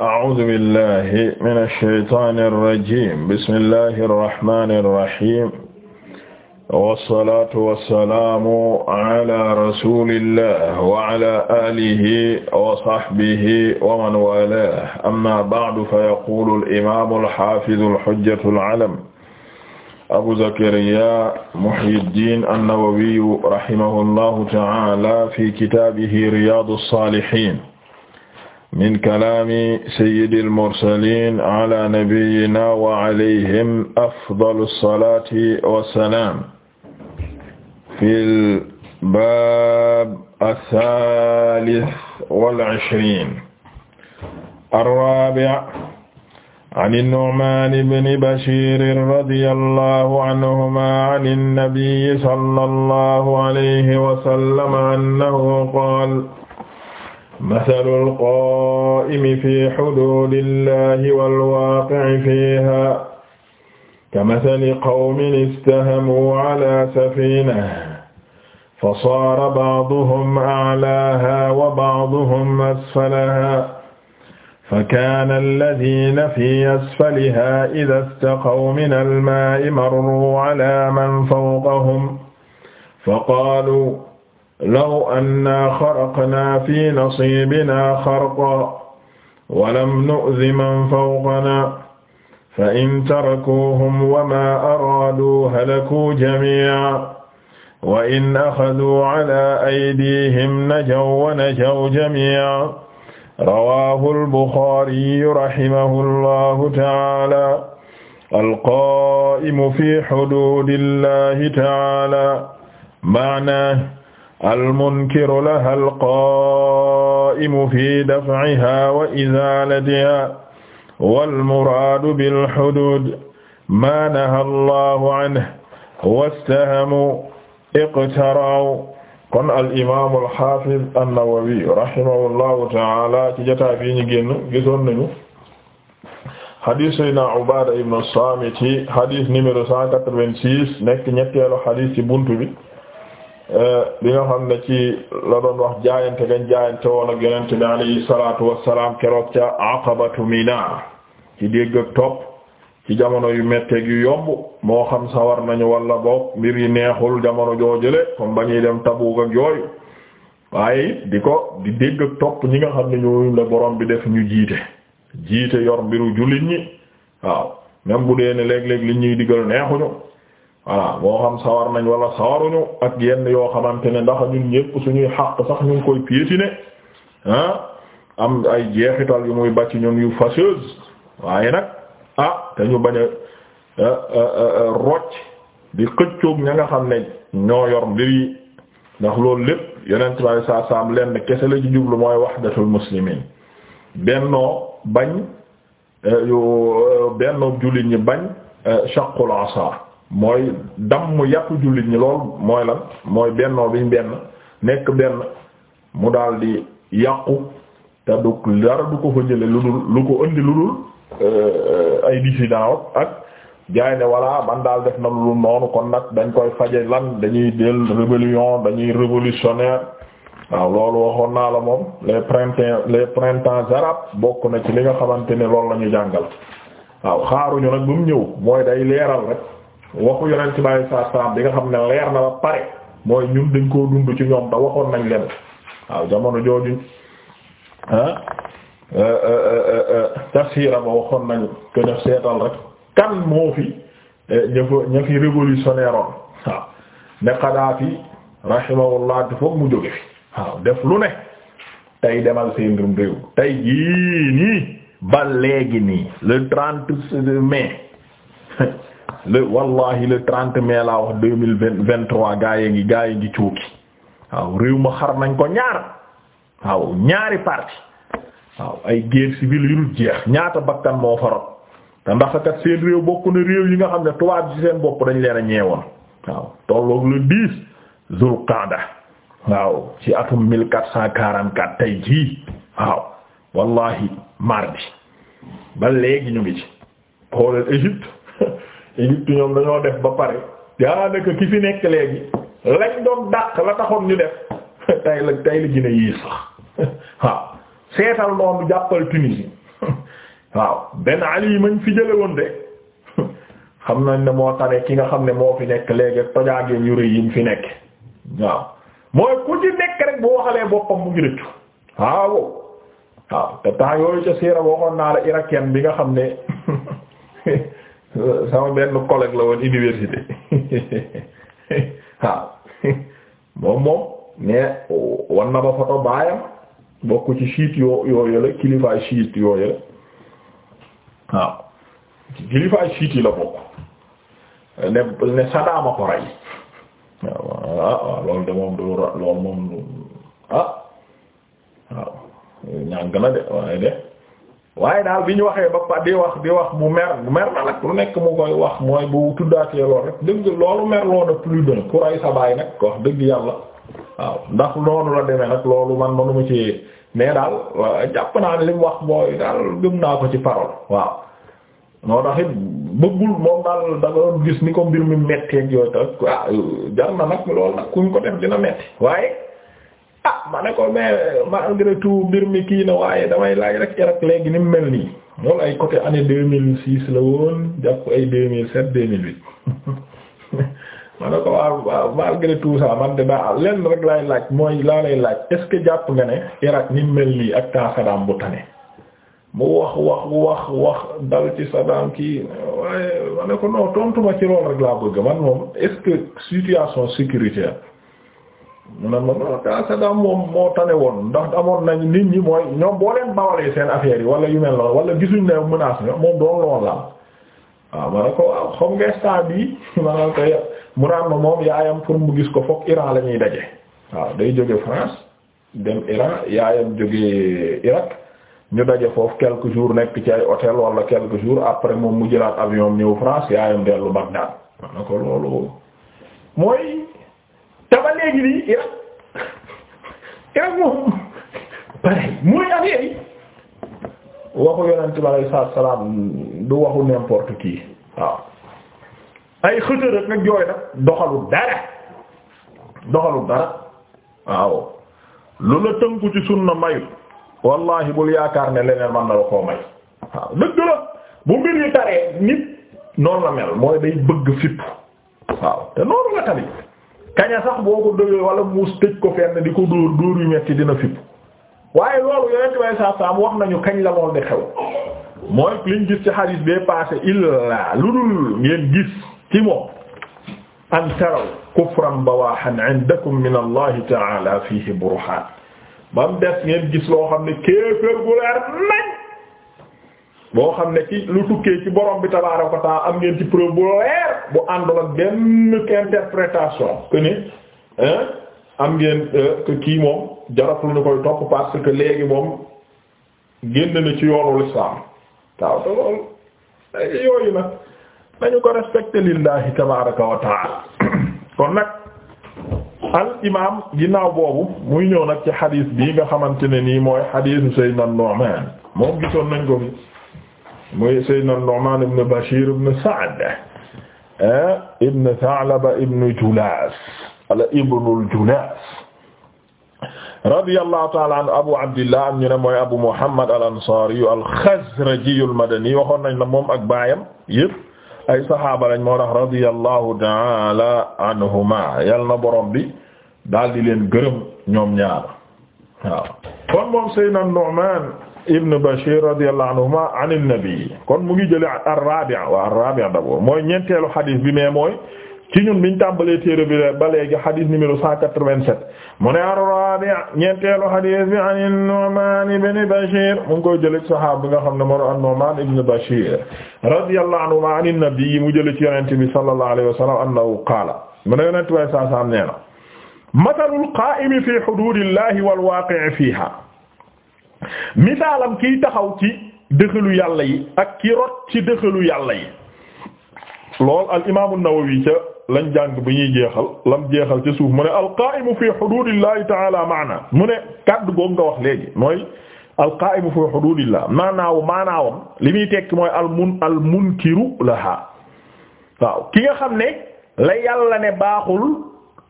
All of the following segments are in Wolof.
أعوذ بالله من الشيطان الرجيم بسم الله الرحمن الرحيم والصلاة والسلام على رسول الله وعلى آله وصحبه ومن والاه أما بعد فيقول الإمام الحافظ الحجة العلم أبو زكريا محي الدين النووي رحمه الله تعالى في كتابه رياض الصالحين min kalaami sayyidil mursaliin ala nabiyyina wa alayhim afdalu salaati wa salaam fil baab asaalis wal ishriin arraabi' ani Nu'maan ibni Bashiir radiyallahu anhumaa ani nabiyyi sallallahu alayhi wa sallam annahu qaala masalul qaa'imi fi xuduudillaahi wal waaqi'i fiihaa kamasali qawmin istahamuu calaa safiinatin fasaara ba'duhum aclaahaa wa ba'duhum asfalahaa fakaana allaziina fii asfalihaa izaa istaqaw minal maa'i marruu calaa man fawqahum faqaaluu law annaa xaraqnaa fi nasiibinaa xarqan walam nu'zi man fawqanaa fa in tarakuuhum wa maa araaduu halakuu jamii'an wa in axaduu calaa aydiihim najaw wa najaw jamii'an rawaahul buxaariyyu rahimahullaahu ta'aalaa alqaa'imu fi xuduudillaahi ta'aalaa ma'naahu almunkiru laha alqaa'imu fi daf'iha wa izaalatiha walmuraadu bilhuduud maa nahaa allahu anhu wastahamu iqtaraw kon al'imaamu alxaafiz annawawi rahimahullahu ta'aala ci jotaay bi ñu génn gisoon nañu xadiis sayyidinaa Ubaada ibnu Saamit xadiis numéro 186 nekk ñetteelu xadiis ci buntu bi. Euh, li nga xam ne ci la doon wax jaayante gañ jaayante woon ak yonent bi alayhi salaatu wassalaam keroog ca aqabatu mina ci dégg topp ci jamono yu metteeg yu yomb moo xam sawar nañu wala boog mbir yi neexul jamono joojule comme ba ñuy dem Tabuuk ak waaye it di ko di dégg topp ñi nga xam ne ñooñu la borom bi def ñu jiite jiite yor mbiru jullit ñi waaw même bu dee ne léeg-léeg li ñuy digal neexuñu voilà boo xam sawar nañ wala sawaruñu ak yenn yoo xamante ne ndax ñun ñépp suñuy xàq sax ñu ngi koy piétiner ah am ay jeexital yu muy bàcc ñun yu fâcheuse waaye nag ah te ñu bañ a eh, eh, eh, rocc di xëccoog ña nga xam ne ñoo yor mbir yi ndax loolu lépp yeneen bi saa saam lenn kese la ci jublu mooy wahdatul muslimin bennoo bañ yu bennoo jullit ñi bañ shaqul asa mooy damm yàqu jullit ñi lool mooy la mooy bennoo biñ benn nekk benn mu daal di yàqu te du dara du ko fa jële lu dul lu ko indi lu dul euh, ay dissidence ak jaay ne man daal def na lu noonu kon nag dañ koy faje lan dañuy del rébellion dañuy révolutionnaire waaw loolu waxoon naa la moom les printemps les printemps arabes bokk na ci li nga xamante ne loolu la ñu jàngal waaw xaaruñu nag bu mu ñëw mooy day leeral rek waxu yonent bi alayhi salaatu bi nga xam ne leer na ba pare mooy ñun dañ koo dund ci ñoom te waxoon nañ leen waaw jamono jooju ah euh, euh, euh, tasiira ba waxoon nañ ko def seetal rek kan moo fi eh, ña fa ña fi révolutionnaire oon ne Kadhafi rahimahullah te foog mu jóge fi waaw def lu ne tey demal seen réew tey jii nii ba léegi nii le trente mai le wallahi le trente mai laa wax deux mille vingt-trois gaa yi ngi gaa yi ngi cuuki waaw réew ma xar nañ ko ñaar waaw ñaari parti waaw ay guerre civile yu dul jeex ñaata bakkan moo farot te ndax kat seen réew bokku na réew yi nga xam ne tubaab ci seen bopp dañ leen a ñeewoon waaw tolloog le dix Zul Qaada waaw ci atum mille quatre cent quarante-quatre tey jii waaw wallahi mardi ba léegi ñu ngi ci xoolal Égypte Égypte ñoom dañoo def ba pare daanaka ki fi nekk léegi lañ doon dàq la taxoon ñu def tay la tay la gine yii sax waaw seetal noonu jàppal Tunisie waaw benn ali yi mañ fi jële woon de xam nañ ne moo tane ki nga xam ne moo fi nekk léegi tojaageen yu rëy yi fi nekk waaw mooy ku ci nekk rek bu waxalee boppam mu ngi rëccu waaw waaw te temps yooyu ca siira waxoon naa la irakien bi nga xam ne sama benn collègue la woon université waaw moom moom mais wan na ba photo baayam bokk ci chiite yoo yoo kilifaay chiite yoo yële waaw kilifaay chiite yi la bokk ne ne Saddam rey waaw ah, ah, loolu de moom du loolu moom ah waaw ñàng na de waaye de waaye daal bi ñu waxee ba pa di wax di wax mu mer mer na nag lu nekk mu koy wax mooy bu tuddaatee lool rek dëgg loolu mer loona plus d'un ku rey sa baay nag wax dëgg yàlla waaw ndax noonu la demee nag loolu man manuma ci mais daal jàpp naa li wax mooy daal gëm naa ko ci parole waaw moo taxit it bëggul moom daal da gis ni ko mbir mi mettee ak yooyu tax ah waaw jar na nag loolu nag kuñ ko def dina metti waaye ah ma ne ko mais malgré mbir mi kii na waaye damay laaj rek Irak léegi ni mu mel nii loolu ay côté année deux mille six la woon jàpp ay deux mille sept deux mille huit ma ne ko waaw malgré tout ça man de daa lenn rek laay laaj mooy laa lay laaj est-ce jàpp nga ne Irak ni mu mel nii ak temps Saddam bu tane mu wax wax wax wax dal ci Saddam kii waaye ma ne ko non tontu ma ci loolu rek laa bëgg man moom est que situation sécuritaire. mu ne ma kaasada moom moo tane woon ndax amoon nañ nit ñi mooy ñoom seen affaire yi wala yu mel noonu wala gisuñ ne menace nga moom doon lool laal waaw ma ne ko ma ne mu naan ma yaayam pour mu gis ko fokk Iran la ñuy daje waaw day jóge yaayam jóge Irak ñu daje foofu quelques jours nekk ci ay hôtel wala quelques jours après moom mu jëlaat avion ñëw France ko loolu mooy. te ba léegi nii Irak Irak moom pareil mooy affaire yi waxu yonent bi alayhi salaatu du waxu n'importe qui waaw ay xëtër ak nag yooyu nag doxalu dara doxalu dara waaw lu la tënku ci sunna mayu wallahi bul yaakaar ne leneen man na la koo may waaw dëgg la bu mbir yi taree nit noonu la mel mooy day bëgg fipp waaw te noonu la tamit kaña sax boo ko dóoree wala muus tëj ko fenn di ko dóor dóor yu metti dina fipp waaye loolu yonent way saa saam wax nañu kañ la lool di xew mooy liñ gis ci hadith bee passé illaa lu dul ngeen gis ci moom an taraw kufran bawahan indakum min allah ta'ala fihi burhan bam des ngeen gis loo xam ne kéefër gu leer nañ boo xam ne ci lu tukkee ci borom bi tabaaraka ko ta'ala am ngeen ci preuve bu leer bu àndul ak benn interprétation que ne am ngeen euh, que kii moom jaratul ñu koy topp parce que léegi moom génn na ci yoonu lislaam waaw te loolu yooyu nag dañu ko respecté lillahi tabaaraka wa ta'ala kon nag al imaam ginnaaw boobu muy ñëw nag ci xadiis bii nga xamante ne nii mooy xadiisu Seydina Nu'man moo gisoon nañ ko fi muy Seydina Nu'man ibn Bashir ibn Sa'd ah, ibn Tha'laba ibn Julas wala ibnul Julas radiyallahu ta'ala anhu Abu Abdillah am ñu ne mooy Abu Muhammad al-Ansari al-Khazraji al-Madani waxoon nañ la moom ak baayam yëpp ay saxaaba lañ moo tax radiyallahu ta'ala anhuma yal na borom bi daal di leen gërëm ñoom ñaar waaw kon moom Seydina Nu'man ibn Bashir radiyallahu anhuma an an-nabi kon mu ngi jële ar-rabi' wa ar-rabi' d'abord mooy ñeenteelu xadis bi mais mooy ci ñun biñ tàmbalee téere bi ba léegi xadis numéro 187 mu ne ar-rabi' ñeenteelu xadis bi an an-Nu'man ibn Bashir mu ngi koy jële ci sahaaba bi nga xam ne moo doon an-Nu'man ibn Bashir radiyallahu anhuma an an-nabi mu jële ci yonente bi sallallahu alayhi wa sallam annahu qaala mu ne yonente bi sallallahu alayhi wa sallam nee na masalul qaa'imi fi hududillahi wal waaqi'i fiha misaalam kiy taxaw ci dëxëlu yàlla yi ak ki rot ci dëxëlu yàlla yi lool al imaamu Nawawi ca lañ jàng bi ñuy jeexal lam jeexal ci suuf mu ne alqaa'imu fi xuduudillaahi ta'aala maana mu ne kàddu goog nga mooy alqaa'imu fi xuduudillaahi maanaaw maanaawam li muy tekki mooy al mun al munkiru laha waaw ki nga xam ne la yàlla ne baaxul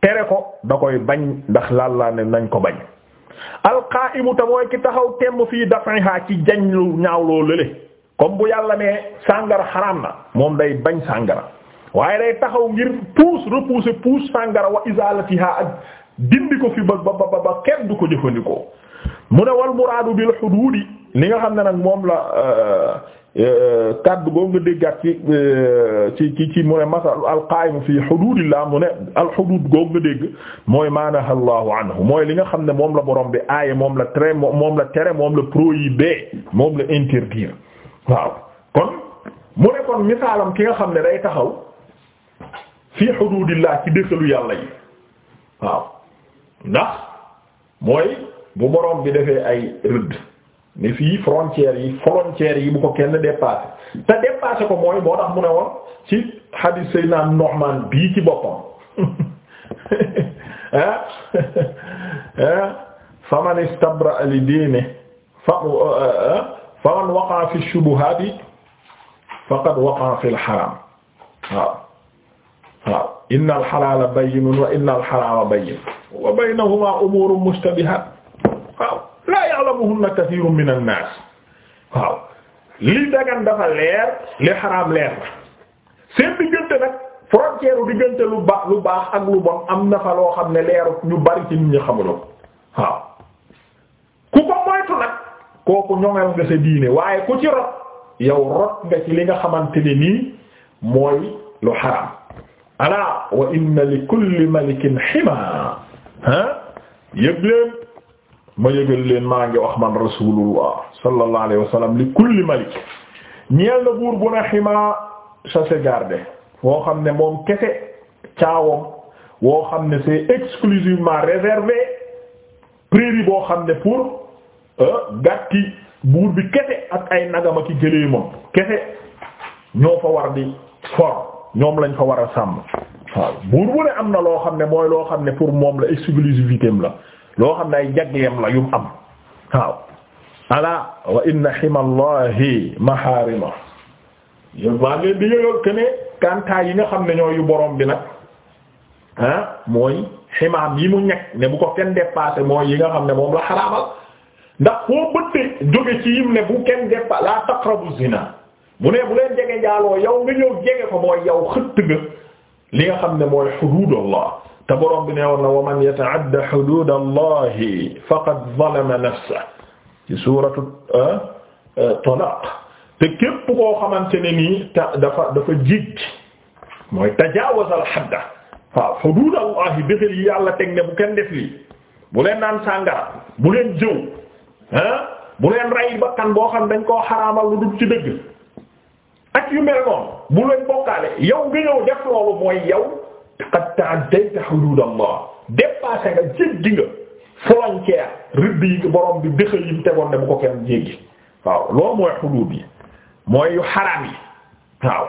tere ko da koy bañ ndax laal laa ne nañ ko bañ alqaa'imu te mooy ki taxaw temm fii daf'iha ci jañ lu ñaaw loo comme bu yàlla ne sàngara xaraam na moom day bañ sàngara waaye day taxaw ngir pousse repousser pousse sàngara wa izalatiha ak dindi ko fi ba ba ba ba kenn du ko jëfandikoo mu ne wal muraadu bil xuduudi li nga xam ne nag moom la euh, Euh, kaddu boobu nga déggaat ci euh, ci ci ci mu ne masal alqaayimu fi xuduudillah mu ne alxuduud googu nga dégg mooy maanaha allahu anhu mooy li nga xam ne moom la borom bi aaye moom la tere moom la tere moom la prohibé moom la interdire waaw kon mu ne kon misaalam ki nga xam ne day taxaw fi xuduudillah ci dëkkalu yàlla waaw ndax mooy bu borom bi defee ay rëdd ne fii frontières yi frontières yi bu ko kenn dépassé te dépassé ko mooy moo tax mu ne woon ci hadith Seydina Nu'man bii ci boppam ah ah faman istabra li diine fa uh, uh, uh, faman waqa'a fi shubuhati faqad waqa'a fi al-haram waaw waaw inna al-halala bayyinun wa inna al-harama bayyinun wa baynahuma umurun mushtabihat waaw laa ya'lamuhunna kathirun min an waaw li dagan dafa leer li xaraam leer na seen diggante nag frontière diggante lu baax lu baax ak lu bon am na fa loo xam ne leeru ñu bari ci nit ñi xamuñu waaw ku ko moytu nag kooku ñoŋal nga sa diine waaye ku ci rot yow rot nga ci li nga xamante ne nii mooy lu xaraam alaa wa inna li kulli malikin xima ha yëg leen ma yëgal leen maa ngi wax man rasulullah sallallahu alayhi wa sallam li kulli malik ñeel na buur bu na ximaa chassé garde woo xam ne moom kese caawam woo xam ne c'est exclusivement réservé prairie boo xam ne pour euh, gàtti buur bi kese ak ay nagama ki jëlee moom kese ñoo fa war di for ñoom lañ fa war a sàmm waaw buur bu ne am na loo xam ne mooy loo xam ne pour moom la exclusivité am la loo xam ne ay jagleem la yum am waaw ala wa inna himallahi maharima yëpp maa ngi leen di yëgal que ne yi nga xam ne ñooyu borom bi nag ah mooy ximaam yi mu ñekk ne bu ko kenn dépassé mooy yi nga xam ne moom la xaraamal ndax foo bëtte jóge ci yim ne bu kenn dépassé la taqrabu zina mu ne bu leen jege njaaloo yow nga ñëw jege ko mooy yow xëtt nga li nga xam ne mooy hududullah te borom bi ne woon na wa man yata'adda hududa allahi faqad zalama ah, ah, xamante ne nii dafa dafa jéggi mooy tajaawaza al hadda waaw hudud allahi déxal yi yàlla teg ne bu kenn def lii bu leen naan sàngara bu leen jëw ah bu leen rey bakkan boo xam dañ koo xaraamal lu dul ci dëgg ak yu mel noonu bu leen bokkaale yow mooy yow qad ta'addayta hudud Allah dépassé nga jéggi nga frontière rëdd borom bi dëxëy yi mu tegoon ne ko kenn jéggi waaw loolu mooy hudud yi mooy yu xaraam yi waaw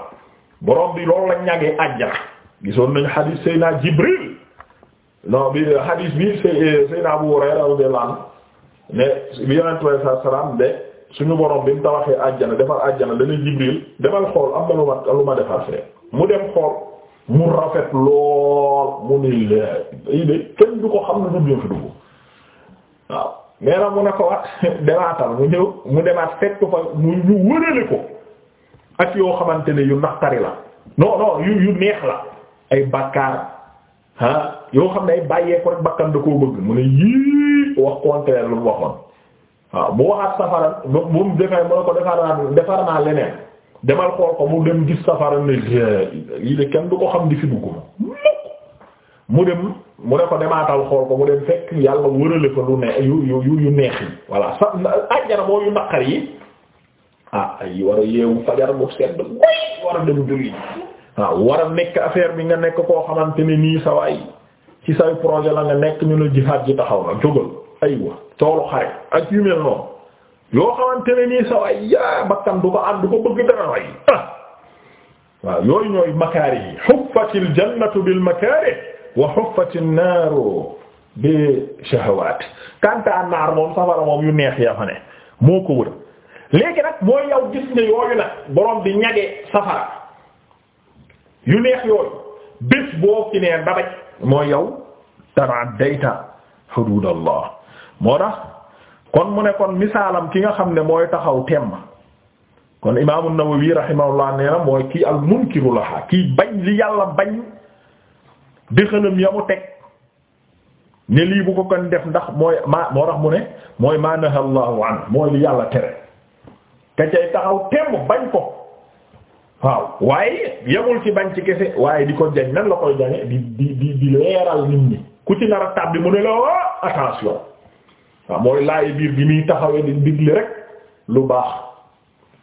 borom bi loolu la ñagee àjjana gisoon nañu hadith Seydina Jibril non bi hadith bi Seydina Abu Hurayra radiyallahu anhu ne bi yonent bi saa salaam de suñu borom bi mu tabaxee àjjana defar àjjana dana Jibril demal xool am lu ma lu ma defar fee mu dem xool. mu rafet lool mu ni leer kenn du ko xam ne du fi duggu waaw nee mu ne ko wat demaatal mu ñëw mu demaat fekk fa mu ñu wërale ko ak yoo xamante ne yu naqari la non non yu yu neex la ay bakkaar ah yoo xam ne ay bàyyee ko rek bakkan da koo bëgg mu ne yii wax contraire lu bu waxaat mu ne ko defar naa defar naa leneen demal xool ko mu dem gis safara ne lii de kenn du ko xam di fi dugg ma mu dem mu ne ko demaatal xool ko mu dem fekk yàlla wërale ko lu ne yu yu yu neex yi voilà sa àjjana moo yu naqar yi ah ay war a yeewu fajar bu sedd goy war a dem julli waaw ah, war a nekk affaire bi nga nekk koo xamante ni nii sa waay ci say projet la nga nekk ñu la jihaad ji taxaw na jógal aywa toolu xare ak yu mel noonu yoo xamante ne nii sa waay ko am ko bëgg dara waay ah waaw yooyu ñooy makaari yi huffatil jannatu bil makaari wa huffatin naaru bi shahawaat kanta naar moom safara moom yu neex yaa fa ne moo ko wër léegi nag mooy yow gis ne yooyu nag borom di ñage safara kon mu ne kon misaalam ki nga xam ne mooy taxaw temm kon imaam an-Nawawi rahimahullah nee na mooy kii al munkiru laha kii bañ li yàlla bañ dëxënam ya mu teg ne lii bu ko kon def ndax mooy maa moo tax mu ne mooy maa naha an mooy li yàlla tere ka cay taxaw temm bañ ko waaw waaye yemul ki bañ ci kese waaye di ko jañ nan la koy jañe di di di leeral nit ñi ku ci nar tàbbi mu ne la oh, attention waaw mooy laay biir bi muy taxawee di digle rek lu baax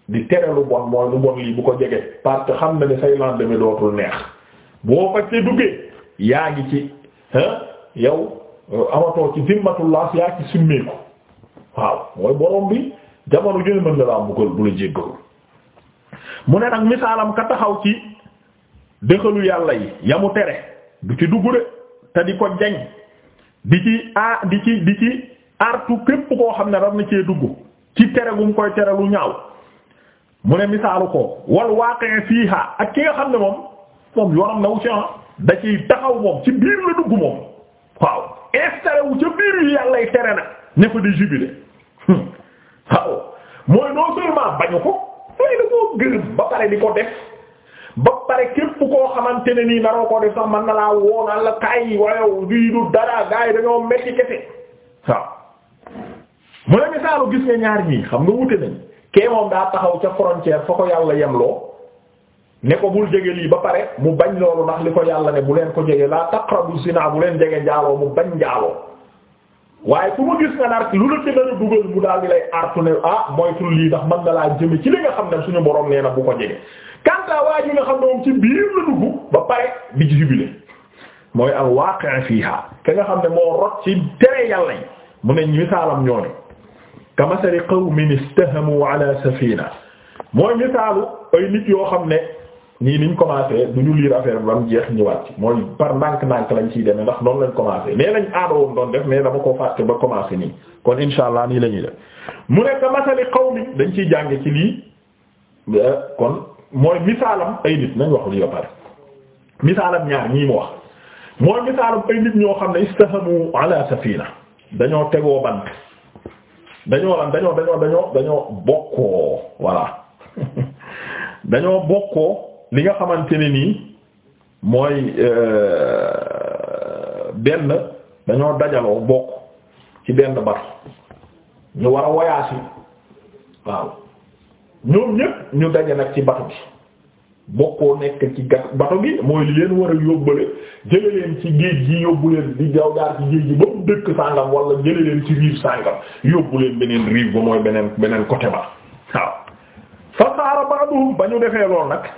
di tere lu bon mooy lu bon lii bu ko jegee parce que xam na ne say lendemain dootul neex boo fa ci duggee yaa ngi ci hein yow euh, amatoo ci dimmatullah yaa ci summeeku waaw mooy borom bi jamono jële mën na laa mbugal bu la jéggalu mu ne nag misaalam ka taxaw ci dëxalu yàlla yi yamu tere du ci dugg de te di ko jañ di ci a ah, di ci di ci artu képp koo xam ne ram na cee duggu ci tere gum koy tere lu ñaaw mu ne misaalu ko wal waaqi fiiha ak ki nga xam ne moom moom yoonam na wu ci da ci taxaw moom ci biir la dugg moom waaw installé wu ca biir yi tere na ne fa di jubilé hmm. waaw mooy non seulement bañu ko mooy da koo gërëm ba pare di ko def ba pare képp koo xamante ne nii naroo koo def sax na laa woon àll kaay waaye du dara gaa yi dañoo metti kese waaw. mu ne misaalu gis nga ñaar ñii xam nga wute nañ kee moom daa taxaw ca frontière fa ko yàlla yemloo ne ko bul jege lii ba pare mu bañ loolu ndax li ko yàlla ne bu leen ko jege laa taqrabu zina bu leen jege njaaloo mu bañ njaaloo waaye fu ma gis nga nar lu la ci dara dugal mu daal di lay artu ne ah moytul lii ndax mën na laa jëme ci li nga xam ne suñu borom nee na bu ko jege kanta waa ji nga xam ne moom ci biir la dugg ba pare bi ci jubile xam ne moo ci tere yàlla yi mu ne misaalam kamasali qawmin istahamu ala safina mooy misaalu ay nit yoo xam ne nii niñ commencé du ñu liir affaire bi ba mu jeex ñëwaat ci mooy par ndànk-ndànk lañ ciy demee ndax noonu lañ commencé nee nañ aadawam doon def mais dama ko fàtte ba commencé nii kon insha allah nii la ñuy def mu ne kamasali qawmin dañ ciy jànge ci lii euh, kon mooy misaalam ay nit nañ wax lii ba pare misaalam ñaar ñii mu wax mooy misaalam ay nit ñoo xam ne istahamu ala safina dañoo tegoo bant dañoo lan dañoo dañoo dañoo dañoo bokkoo voilà dañoo bokkoo li nga xamante ni mooy euh, benn dañoo dajaloo bokk ci benn bato ñu war a voyage waaw ñoom ñépp ñu daje nag ci bato bi bokkoo nekk ci gat bato gi mooy li war a yóbbale jële ci géej gi yóbbu leen di jaw ci géej gi ba mu dëkk sàngam wala jële leen ci rive sàngam yóbbu beneen rive ba mooy beneen beneen côté ba waaw fa saara baaduhum ba ñu defee lool nag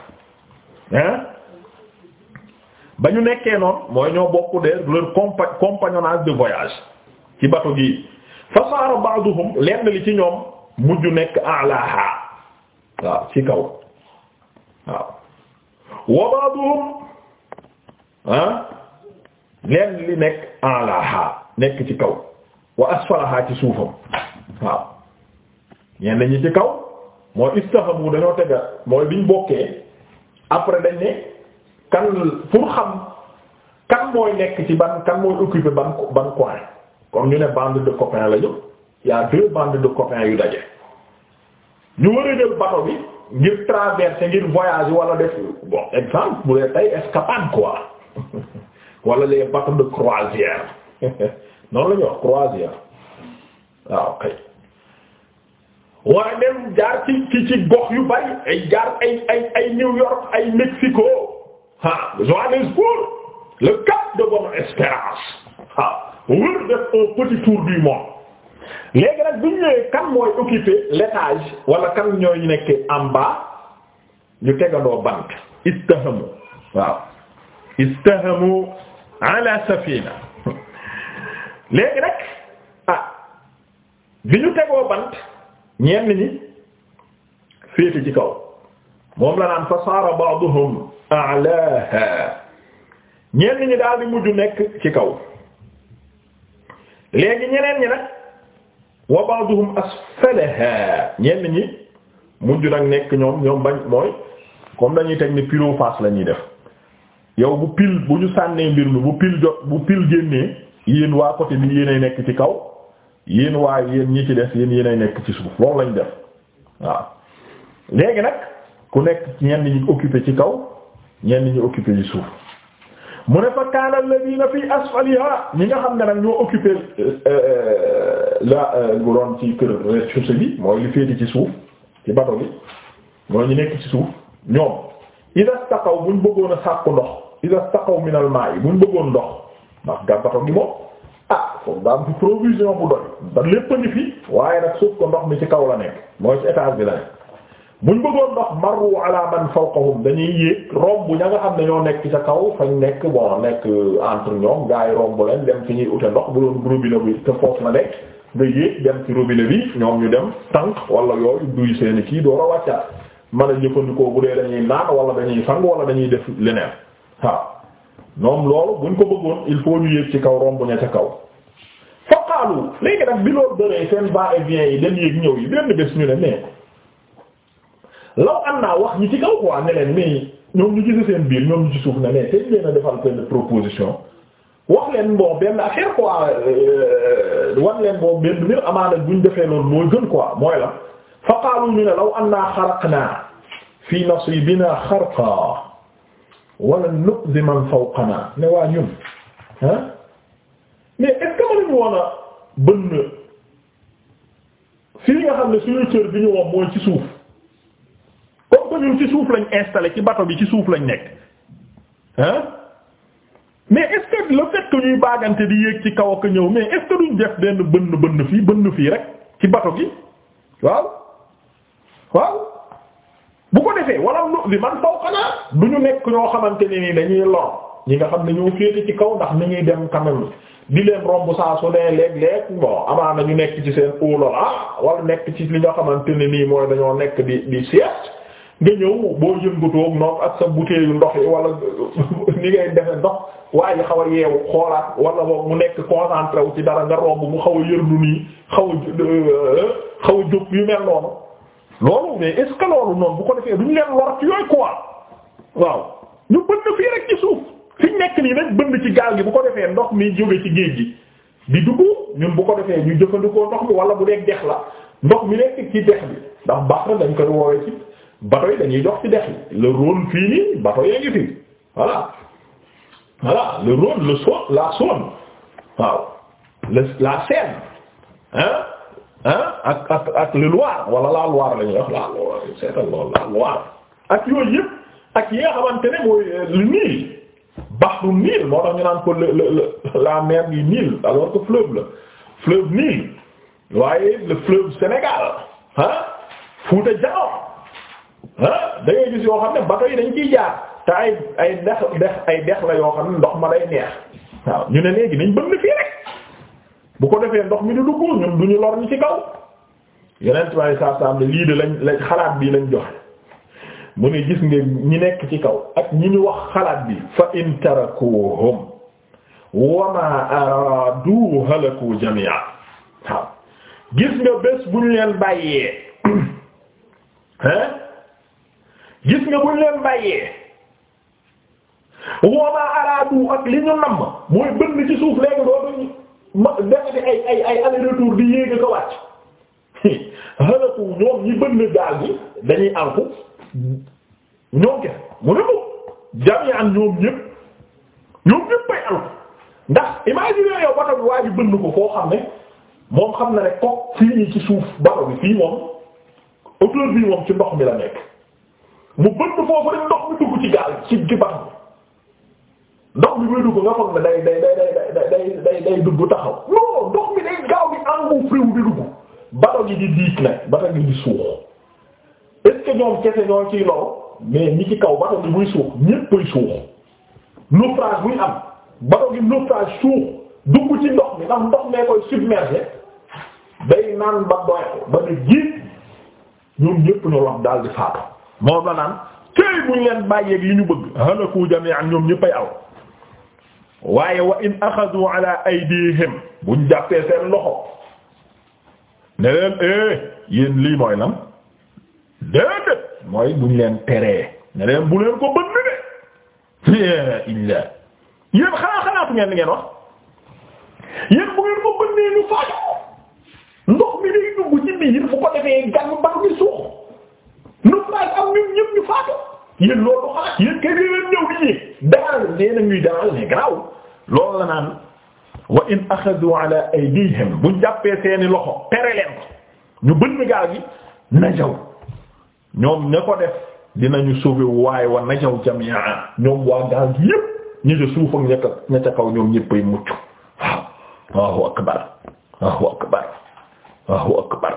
hein ba ñu nekkee noonu mooy ñoo bokk de leur compa- compagnonnage de voyage ci bato gi fa saara baaduhum lenn li ci ñoom mujj nekk alaha waaw ci kaw waaw wa ba'dhum ah li nekk alaha nekk ci kaw wa asfalaha ci suufam waaw ñenn ñi ci kaw mooy istahamu dañoo tega mooy biñ bokkee après dañ ne kan pour xam kan mooy nekk ci ban kan mooy occupé ban ban coin comme ñu ne bande de copains la ñu y a deux bandes de copains yu daje ñu war a bato bi. ngir traverser ngir voyage wala def bon exemple bu ko tey escapade de croisière noonu la ñuy wax croisière waaw yu bari ay jaar New York ay Mexico ah Johannesburg le Cap de Bonne Espérance ah wër def un tour du monde. léegi nag bu ñu ñëwee kan mooy occuper l'étage wala kan ñooy nekk en ñu tegandoo bant istahamu waaw istahamu ala safina léegi nag ah bi ñu tegoo bant ñenn ñi féete ci kaw moom la naan fa saara ba'duhum a'laha ñenn ñi daal di mujj nekk ci kaw léegi ñeneen ñi nag waa wa ba'duhum asfalaha ñenn ñi mujj nag nekk ñoom ñoom bañ mooy comme dañuy teg ni pile face la ñuy def yow bu pile bu ñu sànnee mbir mi bu pile jot bu pile génnee yéen waa côté bi yéenay nekk ci kaw yéen waa yéen ñi ci def yéen yéenay nekk ci suuf loolu lañu def waaw léegi nag ku nekk ñenn ñi occupé ci kaw ñenn ñi occupé ci suuf. mu ne fa kaana alladina fi asfaliha ñi nga xam ne nag ñoo occupé euh, euh, la bu euh, doon ci kër rez de bi mooy li féete ci suuf ci bato bi mooy ñu nekk ci suuf ñoom ida staqaw buñ bëggoon a sàkku ndox ida staqaw min al ma'i buñ bëggoon ndox ndax ga gi moom ah foofu daa am fi provision bu doy da lépp a ngi fi waaye nag suuf ko ndox mi ci kaw la nekk mooy ci étage bi la buñ bëggoon ndox mar ala man fawqahum dañuy yéeg romb ña nga xam ne ñoo nekk sa kaw fañ nekk bon nekk entre ñoom gaa yi romb leen dem fi ñuy ute ndox bu doon robinet bi te foofu la nekk nga yéeg dem ci bi ñoom ñu dem tànk wala yooyu duy seeni kii door a wàccaat mën a jëfandikoo bu dee dañuy naan wala dañuy sang wala dañuy def leneen waaw ñoom loolu buñ ko bëggoon il faut ñu yéeg ci kaw romb ña ca kaw faqaalu léegi nag bi loolu bëree seen va et law am wax ñi ci kaw quoi ne leen mais ñoom ñu gis seen biir ñoom ñu ci suuf ne mais tey leen a defal benn proposition wax leen bon benn affaire quoi euh, wan leen bon benn mbir amaana buñ defee loolu mooy gën quoi mooy la fa qaalu ñu na law annaa xaraqnaa fii nasiibinaa xarqa wala nu'zi man fawqanaa ne waa ñun ah mais est-ce que bënn fii nga xam ne suñu cër bi ñu wax mooy ci suuf. ko ci suuf lañ installé ci bato bi ci suuf lañ nekk hein mais est-ce que ñuy baagante di yéeg ci kaw ak ñëw mais est duñ def benn bënn bënn fii bënn fii rek ci bato bi waaw waaw bu ko defee wala lu li man fawqana du ñu nekk ñoo xamante nii ni dañuy lor ñi nga xam ne ñu féete ci kaw ndax ni ñuy dem kanam di leen romb saa su ne léeg-léeg bon amaana ñu nekk ci seen óolol ah wala nekk ci li ñoo xamante ne nii mooy dañoo nekk di di sieste nga ñëw boo yëngatoog noonu ak sa bouteille yu ndox yi walla ni ngay defe ndox waaye xaw a yeewu xoolaat wala boog mu nekk concentré wu ci dara nga romb mu xaw a yërlu nii xaw a euh, euh, xaw a jóg yu mel noonu loolu mais est-ce loolu noonu bu ko defee duñu leen lor ci yooyu waaw ñu bënn ci nekk nii nag bënn ci gaal gi bu ko defee ndox mi jóge ci géej gi di dugg ñun bu ko defee ñu jëfandikoo ndox mi wala bu dee dex la ndox mi nekk ci dex bi ndax baax na dañ koy woowee ci bato yi dañuy dox ci dex yi le fii nii bato yee ngi fi voilà voilà le Rhône le Saône la Saône waaw le la Seine hein hein ak ak ak le Loire la Loire la ñuy wax la Loire seetal loolu la Loire ak yooyu yëpp ak yi nga xamante ne mooy euh, le Nil bahru Nil moo tax ñu naan ko le la mer du Nil alors que fleuve la fleuve Nil waaye le fleuve Sénégal hein Fouta Djallon. ah da gis yoo xam ne bato yi dañ ciy jaar te ay ay dex dex ay dex la yoo xam ne ndox ma day neex waaw ñu ne léegi nañ bënn fii rek bu ko defee ndox mi di dugg ñun du ñu lor ñu ci kaw yeneen tubaab saa saa lañ lañ xalaat bii lañ joxe mu ne gis nga ñi nekk ci kaw ak ñi ñu wax xalaat bi fa in tarakuhum wa ma aradu halaku jami'a waaw gis nga bés bu ñu leen bàyyee hein gis nga buñ leen bàyyee woomaa araadu ak li ñu namm mooy bënn ci suuf léegi dootuñ ma defati ay ay ay aller retour di yéeg ko wàcc halaku ñoom ñi bënn gaal gi dañuy alku ñoom kenn mu ne mu jami'an ñoom ñépp ñoom ñépp bay alku ndax imagine yow bato bi waa ji ko koo xam ne moom xam na ne ko fii nii ci suuf bato yi fii moom auteur bi moom ci ndox mi la nekk mu bënd foofu rek ndox mi dugg ci gaal ci ci bax ndox mi muy dugg nga foog ne day day day dugg taxaw non ndox mi day gaaw bi engu friw bi dugg bato gi di diig nag bato gi di suux est ci kaw bato gi muy suux ñéppay buy am bato gi naufrage suux dugg ci ndox mi ndax ndox mee koy submerger day naan ba ba ne jiit ñoom ñépp ñu lab daal di faatu moom la naan tey buñ leen bàyyeeg li ñu bëgg halaku jami'an ñoom ñëppay aw waaye wa in axadu ala aydihim buñ jàppee seen loxo ne leen eh yéen lii teree ne leen bu leen ko bëgg de yaa illaa yéen xanaa xalaatu ngeen li ngeen wax yéen bu ngeen ko bënnee ñu faatu ndox mi day dugg ci biir bu ko defee gan ba mi suux Nuflaay am ñun ñëpp ñu faatu yéen loolu xalaat yéen kay leen ñëw di daal nee na daal ne garaaw loolu la naan wa in axadu ala aydihim buñ jàppee seeni loxo tere ñu bënn gaal gi najaw ñoom ña ko def dinañu sauver waaye wa najaw jami'a ñoom waa gaal gi yépp ñi ci suuf ak ca ña ca kaw ñoom ñëppay mucc waaw waaw akbar waaw akbar waaw akbar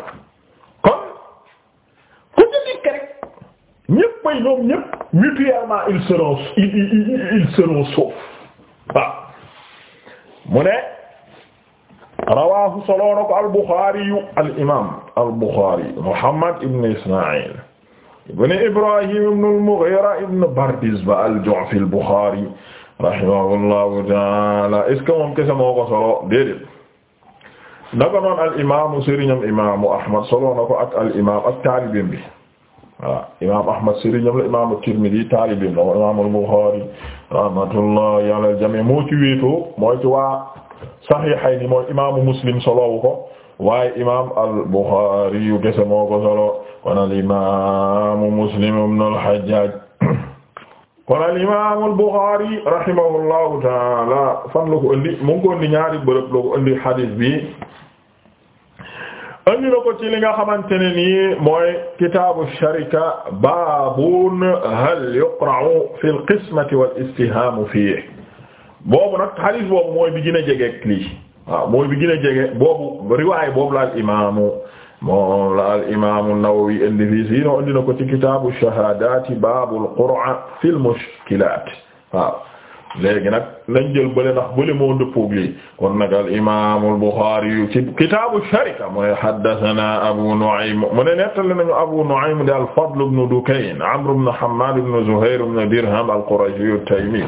saxaaba yi ñoom ñépp mutuellement ils seront ils seront saufs waaw mu ne rawaahu soloo na ko al-Bukhari al imam al-Bukhari Muhammad ibn Isma'il ibn Ibrahim ibn al-Mughira ibn Bardizba al-Ju'fi al-Bukhari rahimahullahu ta'ala est-ce que moom kese moo ko solo déedéet naka noon al imaamu sëriñam imaamu Ahmad soloo na ko ak al imam ak taalibeem bi voilà imaam Ahmad sëriñam la imaam Tirmidi taalibim la imaam al-Buxaari rahmatullahi ala al-jamii moo ci wéetoo mooy ci waa Saxiixayni mooy imaamu Muslim solowu ko waaye imaam al-Buxaari yu gese moo ko solo kon al-imaamu Muslim ibn al-Hajjaaj kon al-imaamu al-Buxaari rahimahullahu taala fan la ko indi mu ngi ko indi ñaari bërëb la ko indi hadiis bi andi na ko ci li nga xamante ne nii mooy kitaabu sharika baabun hal yuqra'u fil qismati wal istihaamu fiihi boobu nag xadiis boobu mooy bi gën a jege lii waaw mooy bi gën a jege boobu riwaay boobu la al imaamu moom la al imaamu Nawawi indi fii si andi na ko ci kitaabu shahaadaati baabul qur'a fil mushkilaat waaw. léegi nag lañ jël bële ndax bële moo dëppoog lii kon nag al imaam al Buxaari ci kitaabu sharika mu ne haddathana Abu Nu'aym mu ne nettali nañu Abu Nu'aym di al-Fadl ibn Dukayn Amr ibn Hammad ibn Zuhayr ibn Dirham al-Qurashi at-Taymi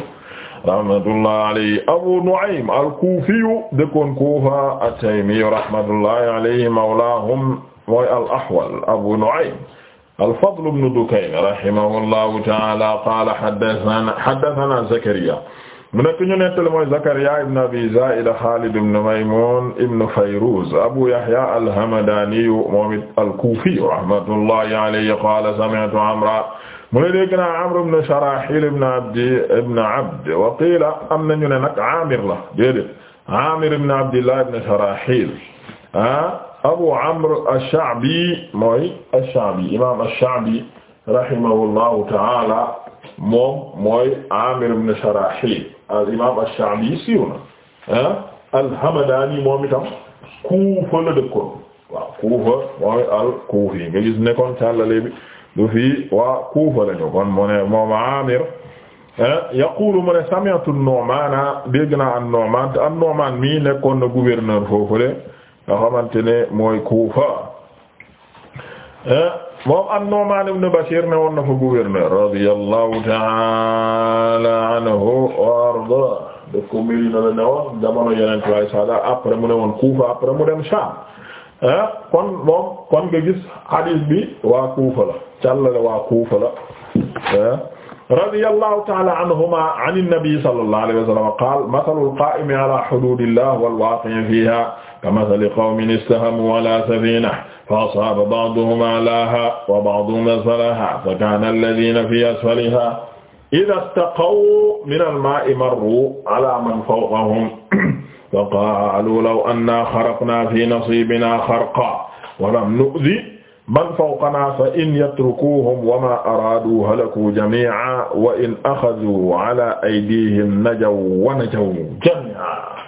rahmatullah alayhi Abu Nu'aym al-Kufi dëkkoon Kufa at-Taymi rahmatullah alayhi mawlahum mooy al-Ahwal Abu Nu'aym al-Fadl ibn Dukayn rahimahullahu ta'ala qaala haddathana haddathana Zakariya mu nekk ñu nettali mooy Zakariya ibn Abi Zaa'ida Xaalid ibn Maymuun ibn Fayruz Abu Yahya al-Hamdaani moom it al-Kuufi rahmatullahi alayhi qaala sami'tu Amra mu ne dégg naa Amr ibn Sharaahil ibn Abdi ibn Abd wa qiila am na ñu ne nag Aamir la déedéet Aamir ibn Abdillah ibn Sharaahil ah abu amr ash-sha'bi mooy ash-sha'bi imaam ash-sha'bi rahimahullahu ta'ala moom mooy amir ibn sharahil al imaam ash-sha'bi siiw na ah, al-hamadani moom itam kuufa la dëkkoon waaw kuufa mooy al-kuufi nga gis nekkoon càllale bi du fii waa kuufa la ñu kon mu ne moom amir ah, yaqulu mu ne sami'tu an-nu'man dégg naa an-nu'man an-nu'man mi nekkoon na gouverneur foofule nga xamante ne mooy Kufa moom an-Nu'man ibn Bashir ne woon na fa gouverneur radiyallahu ta'ala anhu wa arda def ko Medina la ne woon jamono yenent way sada après mu ne woon Kufa après mu dem Sham kon moom kon nga gis hadith bi waa Kufa la càllale waa Kufa radiyallahu ta'ala anhuma an an-nabi sallallahu alayhi wa sallam qaala mathalul qaa'imi ala huduudillah wal waaqi'i fiihaa kamathali qawmin istahamuu ala safiinatin fa asaaba ba'duhum a'laahaa wa ba'duhum asfalahaa fa kaana alladhiina fii asfalihaa idhaa istaqaw mina al-maa'i marruu ala man fawqahum fa qaaluu law annaa xaraqnaa fii nasiibinaa xarqan wa lam nu'dhi man fawqanaa fa in yatrukuuhum wa maa araaduu halakuu jamii'an wa in axazuu alaa aydiihim najaw wa najaw jamii'an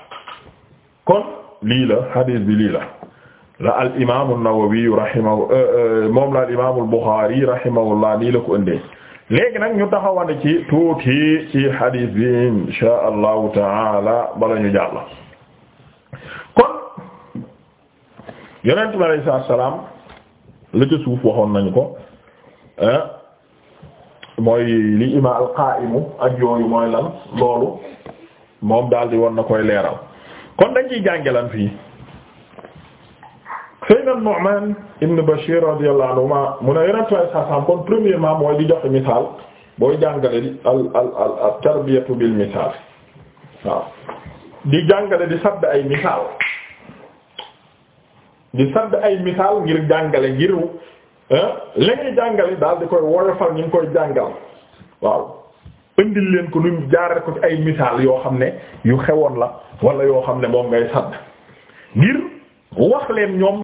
kon lii la hadis bi lii la la al imaamu Nawawi rahimahu euh, euh, moom la al imaamul Buxaari rahimahullah nii la ko ëndee léegi nag ñu taxawane ci tuuti ci hadis bi inshaa Allahu taala bala ñu jàll kon yonent bi alayhi salaam la ca suuf waxoon nañu ko ah, mooy li ima alqaimu ak yooyu mooy lan loolu moom daal di woon na koy leeral kon dañ ciy jàngelan fii Seydina Nu'man ibn Bashir radiyallahu anhuma mu ne yeneen trois cent kon premièrement mooy di joxe misaal booy jàngale di al al al tarbiyatu bil misaal waaw di jàngale di sadd ay misaal di sadd ay misaal ngir jàngale ngir la ñuy jàngale daal di koy woyofal ñu ngi koy jàngal waaw indil leen ko nuñ jaarale ko ci ay misaal yoo xam ne yu xewoon la wala yoo xam ne moom ngay sadd ngir wax leen ñoom